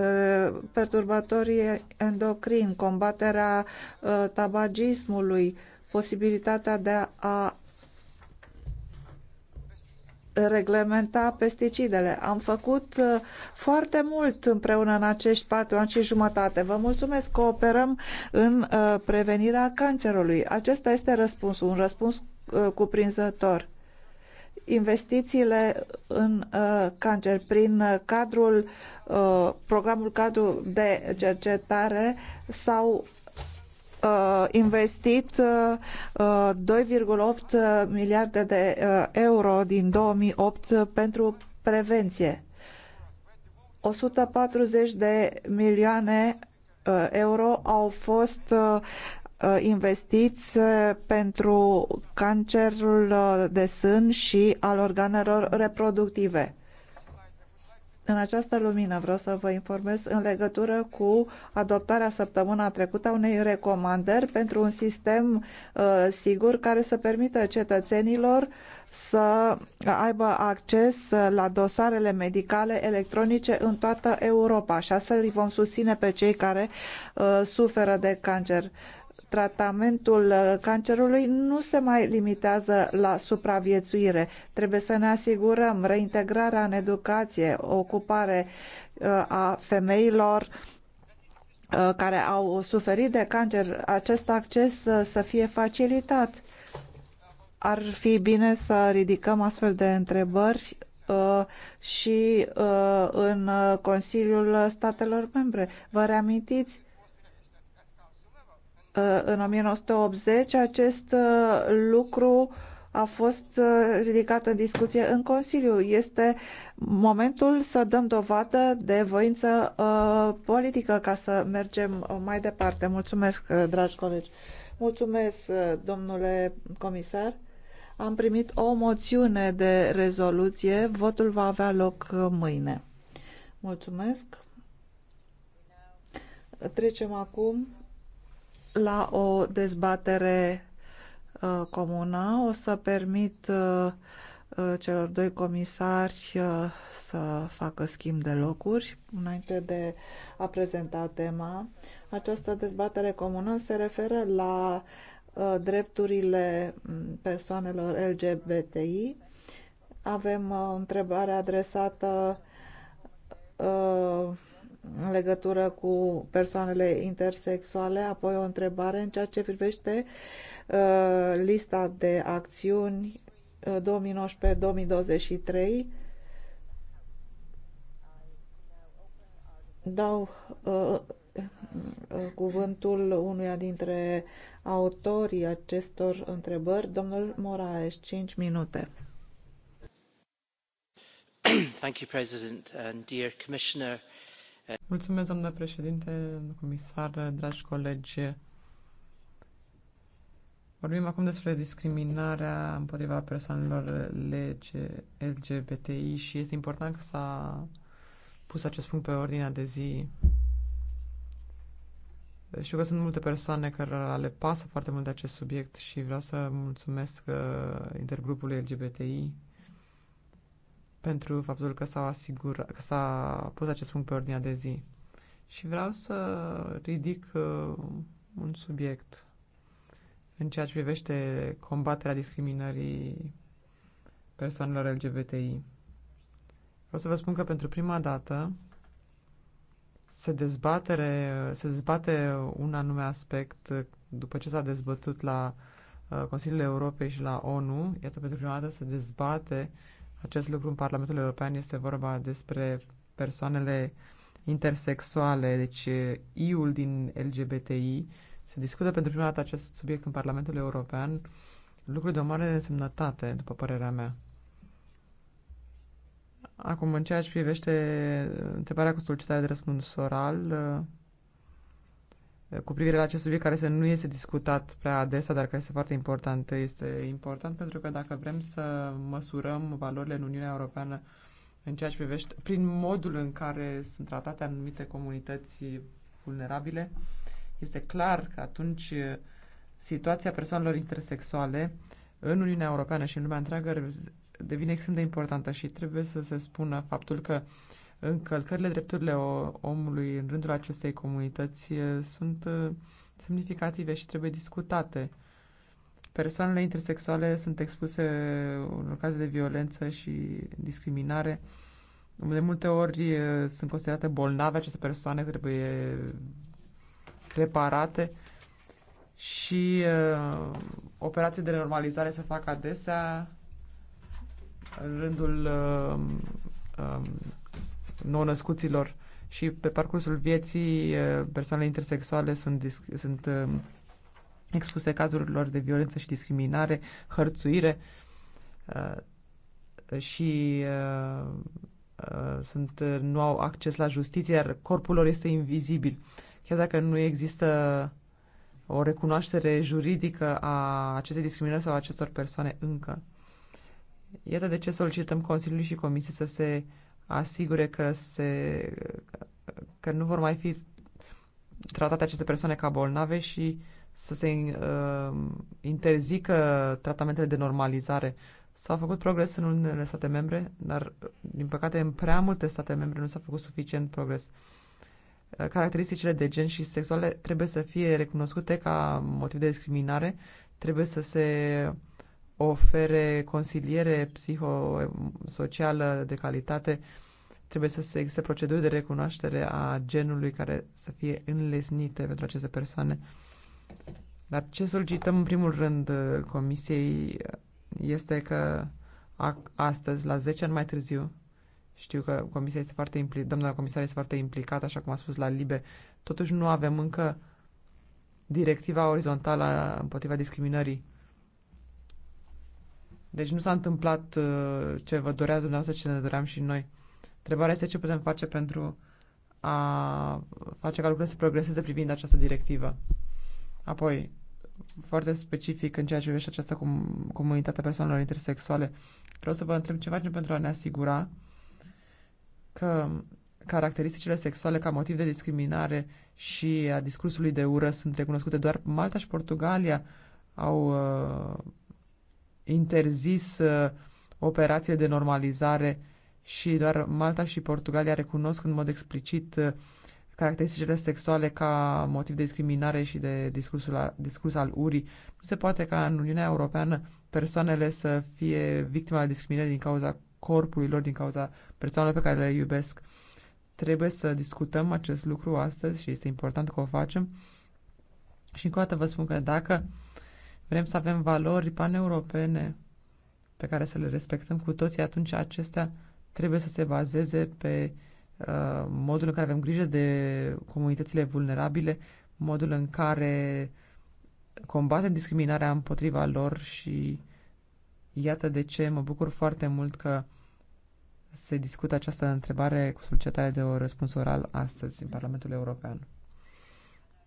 Uh, perturbatorii endocrini, combaterea uh, tabagismului, posibilitatea de a reglementa pesticidele. Am făcut uh, foarte mult împreună în acești patru ani și jumătate. Vă mulțumesc că operăm în prevenirea cancerului. Acesta este răspunsul, un răspuns cuprinzător investițiile în uh, cancer prin uh, cadrul uh, programul cadru de cercetare s-au uh, investit uh, 2,8 uh, miliarde de uh, euro din 2008 pentru prevenție. 140 de milioane uh, euro au fost Uh, investiți uh, pentru cancerul uh, de sân și al organelor reproductive. În această lumină vreau să vă informez în legătură cu adoptarea săptămâna trecută a unei recomandări pentru un sistem uh, sigur care să permită cetățenilor să aibă acces la dosarele medicale electronice în toată Europa și astfel îi vom susține pe cei care uh, suferă de cancer tratamentul uh, cancerului nu se mai limitează la supraviețuire. Trebuie să ne asigurăm reintegrarea în educație, ocupare uh, a femeilor uh, care au suferit de cancer, acest acces să fie facilitat. Ar fi bine să ridicăm astfel de întrebări și în Consiliul Statelor Membre. Vă reamintiți Uh, în 1980, acest uh, lucru a fost uh, ridicat în discuție în Consiliu. Este momentul să dăm dovadă de voință politică ca să mergem mai departe. Mulțumesc, dragi colegi. Mulțumesc, domnule comisar. Am primit o moțiune de rezoluție. Votul va avea loc mâine. Mulțumesc. Trecem acum la o dezbatere uh, comună. O să permit uh, uh, celor doi comisari uh, să facă schimb de locuri înainte de a prezenta tema. Această dezbatere comună se referă la uh, drepturile mm, persoanelor LGBTI. Avem o uh, întrebare adresată în legătură cu persoanele intersexuale, apoi o întrebare în ceea ce privește uh, lista de acțiuni 2019-2023. Uh, Dau uh, uh, cuvântul unuia dintre autorii acestor întrebări, domnul Moraes, 5 minute. Thank you, President, and dear Commissioner. Mulțumesc, doamnă președinte, comisar, dragi colegi. Vorbim acum despre discriminarea împotriva persoanelor LGBTI și este important că s-a pus acest punct pe ordinea de zi. Știu că sunt multe persoane care le pasă foarte mult de acest subiect și vreau să mulțumesc uh, intergrupului LGBTI pentru faptul că s-a asigurat, că s-a pus acest punct pe ordinea de zi. Și vreau să ridic uh, un subiect în ceea ce privește combaterea discriminării persoanelor LGBTI. O să vă spun că pentru prima dată se, dezbatere, se dezbate un anume aspect uh, după ce s-a dezbătut la uh, Consiliul Europei și la ONU. Iată, pentru prima dată se dezbate acest lucru în Parlamentul European. Este vorba despre persoanele intersexuale, deci I-ul din LGBTI. Se discută pentru prima dată acest subiect în Parlamentul European, lucru de o mare însemnătate, după părerea mea. Acum, în ceea ce privește întrebarea cu solicitarea de răspuns oral, cu privire la acest subiect care să nu este discutat prea adesea, dar care este foarte important. Este important pentru că dacă vrem să măsurăm valorile în Uniunea Europeană în ceea ce privește, prin modul în care sunt tratate anumite comunități vulnerabile, este clar că atunci eh, situația persoanelor intersexuale în Uniunea Europeană și în lumea întreagă devine extrem de importantă și trebuie să se spună faptul că uh, încălcările drepturilor omului în rândul acestei comunități sunt semnificative și trebuie discutate. Persoanele intersexuale sunt expuse unor caz de violență și discriminare. De multe ori sunt considerate bolnave aceste persoane, trebuie reparate și uh, operații de normalizare se fac adesea în rândul uh, um, nou-născuților și pe parcursul vieții eh, persoanele intersexuale sunt, sunt eh, expuse cazurilor de violență și discriminare, hărțuire eh, și sunt, nu au acces la justiție, iar corpul lor este invizibil. Chiar dacă nu există o recunoaștere juridică a acestei discriminări sau a acestor persoane încă. Iată de ce solicităm Consiliului și Comisiei să se uh, asigure că, se, că nu vor mai fi tratate aceste persoane ca bolnave și să se uh, interzică tratamentele de normalizare. S-au făcut progres în unele state membre, dar, din păcate, în prea multe state membre nu s-a făcut suficient progres. Uh, caracteristicile de gen și sexuale trebuie să fie recunoscute ca motiv de discriminare, trebuie să se uh, ofere consiliere psihosocială de calitate, trebuie să se existe proceduri de recunoaștere a genului care să fie înlesnite pentru aceste persoane. Dar ce solicităm în primul rând uh, comisiei uh, este că astăzi, la 10 ani mai târziu, știu că comisia este foarte implicată, doamna comisar este foarte implicată, așa cum a spus la Libe, totuși nu avem încă directiva orizontală împotriva discriminării deci nu s-a întâmplat uh, ce vă dorea dumneavoastră, ce ne doream și noi. Întrebarea este ce putem face pentru a face ca lucrurile să progreseze privind această directivă. Apoi, foarte specific în ceea ce privește această com- comunitate persoanelor intersexuale, vreau să vă întreb ce facem pentru a ne asigura că caracteristicile sexuale ca motiv de discriminare și a discursului de ură sunt recunoscute doar Malta și Portugalia au uh, interzis uh, operație de normalizare și doar Malta și Portugalia recunosc în mod explicit uh, caracteristicile sexuale ca motiv de discriminare și de discursul a, discurs al urii. Nu se poate ca în Uniunea Europeană persoanele să fie victime ale discriminării din cauza corpului lor, din cauza persoanelor pe care le iubesc. Trebuie să discutăm acest lucru astăzi și este important că o facem. Și încă o dată vă spun că dacă vrem să avem valori paneuropene pe care să le respectăm cu toții, atunci acestea trebuie să se bazeze pe uh, modul în care avem grijă de comunitățile vulnerabile, modul în care combatem discriminarea împotriva lor și iată de ce mă bucur foarte mult că se discută această întrebare cu solicitare de o răspuns oral astăzi în Parlamentul European.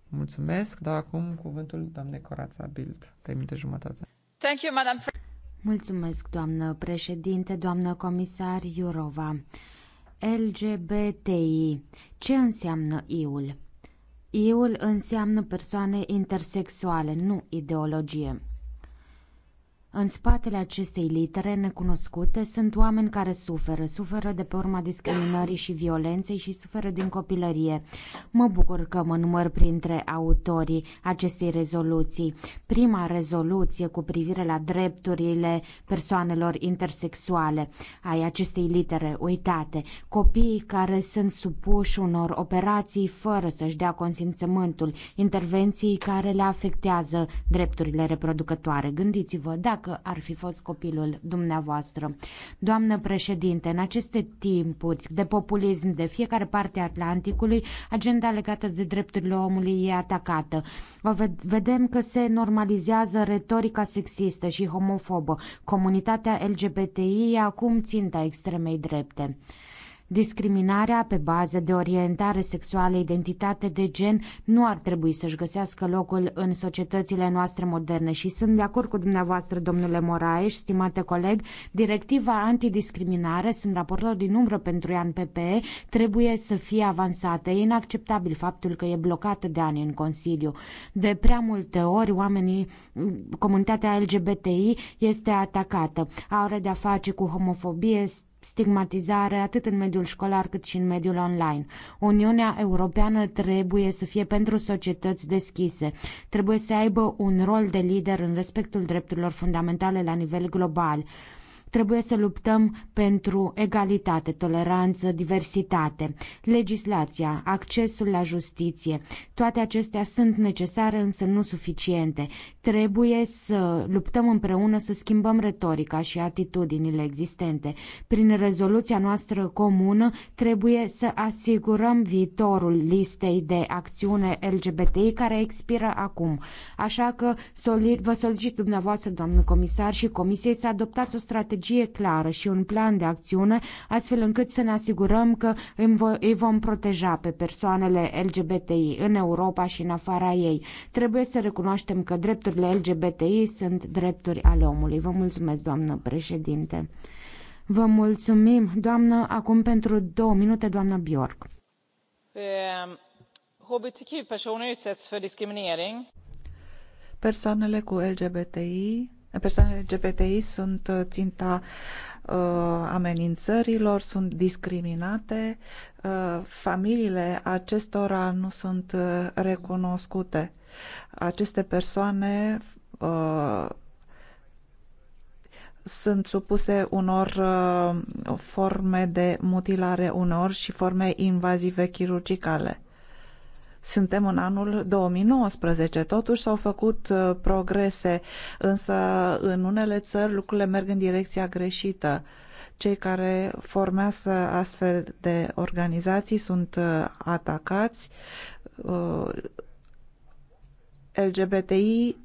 Mulțumesc, dar acum cuvântul doamnei Corața Bild, 3 minute jumătate. Thank you, Madam Mulțumesc, doamnă președinte, doamnă comisar Iurova. LGBTI. Ce înseamnă iul? Iul înseamnă persoane intersexuale, nu ideologie. În spatele acestei litere necunoscute sunt oameni care suferă, suferă de pe urma discriminării și violenței și suferă din copilărie. Mă bucur că mă număr printre autorii acestei rezoluții. Prima rezoluție cu privire la drepturile persoanelor intersexuale ai acestei litere uitate, copiii care sunt supuși unor operații fără să-și dea consimțământul, intervenții care le afectează drepturile reproducătoare. Gândiți-vă, dacă dacă ar fi fost copilul dumneavoastră. Doamnă președinte, în aceste timpuri de populism de fiecare parte a Atlanticului, agenda legată de drepturile omului e atacată. O vedem că se normalizează retorica sexistă și homofobă. Comunitatea LGBTI e acum ținta extremei drepte. Discriminarea pe bază de orientare sexuală, identitate de gen nu ar trebui să-și găsească locul în societățile noastre moderne și sunt de acord cu dumneavoastră, domnule Moraes, stimate coleg, directiva antidiscriminare, sunt raportor din umbră pentru ea în PPE, trebuie să fie avansată. E inacceptabil faptul că e blocată de ani în Consiliu. De prea multe ori oamenii, comunitatea LGBTI este atacată. Are de-a face cu homofobie, stigmatizare atât în mediul școlar cât și în mediul online. Uniunea Europeană trebuie să fie pentru societăți deschise. Trebuie să aibă un rol de lider în respectul drepturilor fundamentale la nivel global. Trebuie să luptăm pentru egalitate, toleranță, diversitate, legislația, accesul la justiție. Toate acestea sunt necesare, însă nu suficiente. Trebuie să luptăm împreună să schimbăm retorica și atitudinile existente. Prin rezoluția noastră comună trebuie să asigurăm viitorul listei de acțiune LGBTI care expiră acum. Așa că vă solicit dumneavoastră, doamnă comisar, și comisiei să adoptați o strategie strategie clară și un plan de acțiune, astfel încât să ne asigurăm că îi vom proteja pe persoanele LGBTI în Europa și în afara ei. Trebuie să recunoaștem că drepturile LGBTI sunt drepturi ale omului. Vă mulțumesc, doamnă președinte. Vă mulțumim, doamnă. Acum pentru două minute, doamnă Bjork. HBTQ-persoane ehm, utsätts för diskriminering. Persoanele cu LGBTI Persoanele LGBTI sunt uh, ținta uh, amenințărilor, sunt discriminate, uh, familiile acestora nu sunt uh, recunoscute. Aceste persoane uh, sunt supuse unor uh, forme de mutilare uneori și forme invazive chirurgicale suntem în anul 2019, totuși s-au făcut uh, progrese, însă în unele țări lucrurile merg în direcția greșită. Cei care formează astfel de organizații sunt uh, atacați, uh, LGBTI,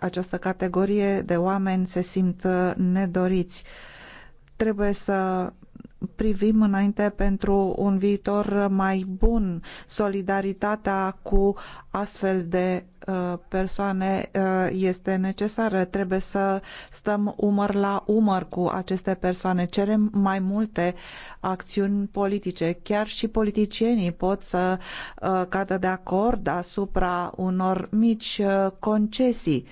această categorie de oameni se simt nedoriți. Trebuie să privim înainte pentru un viitor mai bun, solidaritatea cu astfel de uh, persoane uh, este necesară. Trebuie să stăm umăr la umăr cu aceste persoane. Cerem mai multe acțiuni politice. Chiar și politicienii pot să uh, cadă de acord asupra unor mici concesii.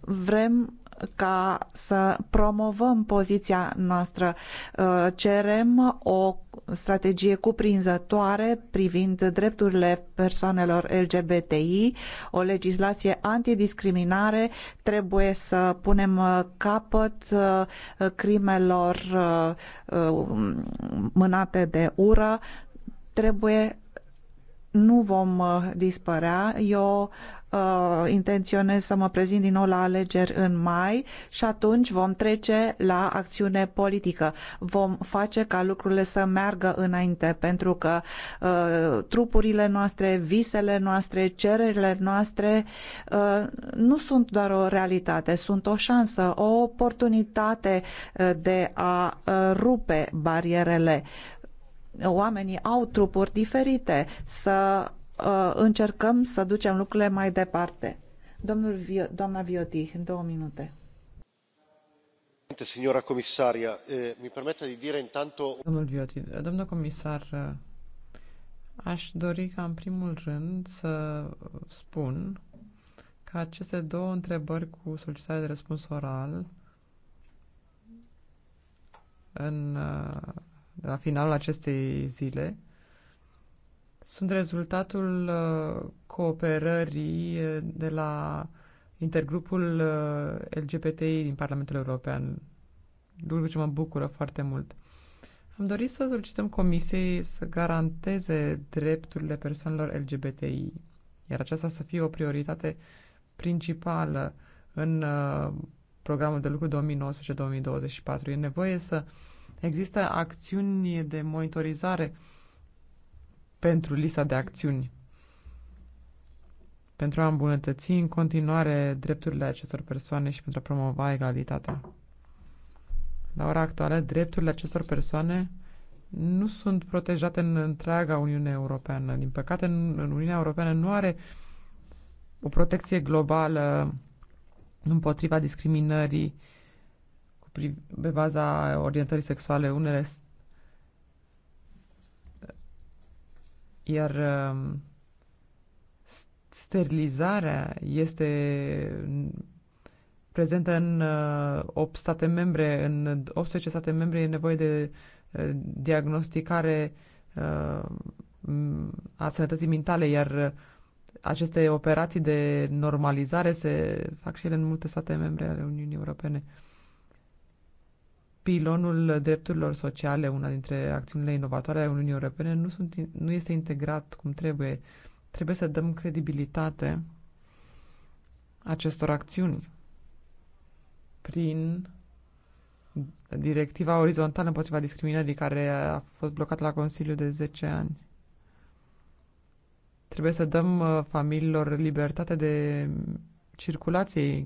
Vrem ca să promovăm poziția noastră. Uh, cerem o strategie cuprinzătoare privind drepturile persoanelor LGBTI, o legislație antidiscriminare. Trebuie să punem uh, capăt uh, crimelor mânate de ură. Trebuie nu vom uh, dispărea. Eu uh, intenționez să mă prezint din nou la alegeri în mai și atunci vom trece la acțiune politică. Vom face ca lucrurile să meargă înainte, pentru că uh, trupurile noastre, visele noastre, cererile noastre uh, nu sunt doar o realitate, sunt o șansă, o oportunitate uh, de a uh, rupe barierele oamenii au trupuri diferite, să uh, încercăm să ducem lucrurile mai departe. Domnul, doamna Vioti, în două minute. Signora comisaria, eh, mi permette di dire intanto... Domnul Vioti, domnul comisar, eh, aș dori ca în primul rând să spun că aceste două întrebări cu solicitare de răspuns oral în eh, la finalul acestei zile, sunt rezultatul uh, cooperării uh, de la intergrupul uh, LGBTI din Parlamentul European, lucru ce mă bucură foarte mult. Am dorit să solicităm Comisiei să garanteze drepturile persoanelor LGBTI, iar aceasta să fie o prioritate principală în programul de lucru 2019-2024. E nevoie să Există acțiuni de monitorizare pentru lista de acțiuni pentru a îmbunătăți în continuare drepturile acestor persoane și pentru a promova egalitatea. La ora actuală, drepturile acestor persoane nu sunt protejate în întreaga Uniune Europeană. Din păcate, în Uniunea Europeană nu are o protecție globală împotriva discriminării cu pe baza orientării sexuale unele iar um, sterilizarea este prezentă în 8 uh, state membre, în 18 state membre e nevoie de uh, diagnosticare uh, a sănătății mentale, iar aceste operații de normalizare se fac și ele în multe state membre ale Uniunii Europene pilonul drepturilor sociale, una dintre acțiunile inovatoare ale Uniunii Europene, nu, sunt, nu este integrat cum trebuie. Trebuie să dăm credibilitate acestor acțiuni prin directiva orizontală împotriva discriminării care a fost blocată la Consiliu de 10 ani. Trebuie să dăm uh, familiilor libertate de circulație,